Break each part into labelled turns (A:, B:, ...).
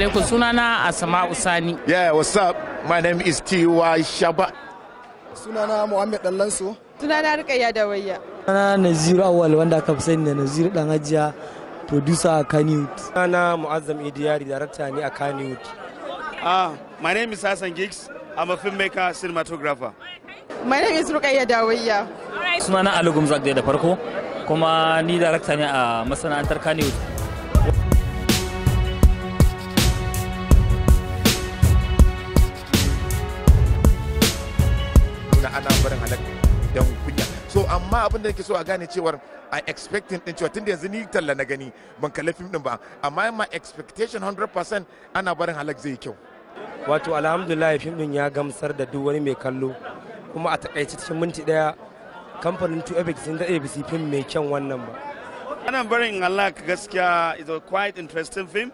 A: alaikum sunana Asma'u Sani. Yeah, what's up? My name is T.Y. Shaba.
B: Sunana Muhammad Dallansu. Sunana da waya.
A: Sunana Naziru
C: Awal wanda aka fi sani da Naziru Dan Hajiya producer a Kannywood. Sunana Muazzam Idiyari darakta ne a Kannywood. Ah, my name is Hassan gigs I'm a filmmaker,
B: cinematographer.
A: My name is Rukaiya Dawayya.
B: Sunana alugum Gumzak da farko kuma ni darakta ne a masana'antar Kannywood.
C: ana barin halak dan kunya so amma abin da nake so a gane cewar i expecting din cewa tunda yanzu ni talla na gani ban kalli fim din ba amma my expectation 100% ana barin halak zai kyau wato alhamdulillah fim din ya gamsar da duk wani mai kallo kuma a takaice cikin minti daya kamfanin 2 epic sun daɗe bisi fim mai kyan wannan ba
A: ana barin halak gaskiya is a quite interesting film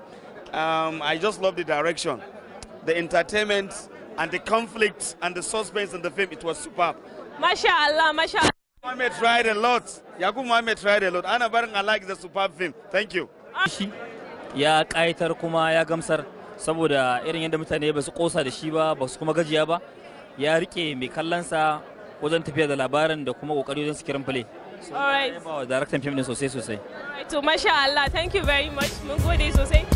A: um, i just love the direction the entertainment and the conflict and the suspense in the film, it was superb. MashaAllah, MashaAllah. Mohammed tried a lot. Yakub Mohammed tried a lot. Ana barin I like the superb film. Thank you.
B: Ya kaitar kuma ya gamsar saboda irin yadda mutane ba su kosa da shi ba, ba su kuma gajiya ba. Ya rike mai kallonsa wajen tafiya da labarin da kuma kokari wajen sikirin fule. All right. Ba wa daraktan fim din sosai sosai.
C: To masha Allah, thank you very much. Mun gode sosai.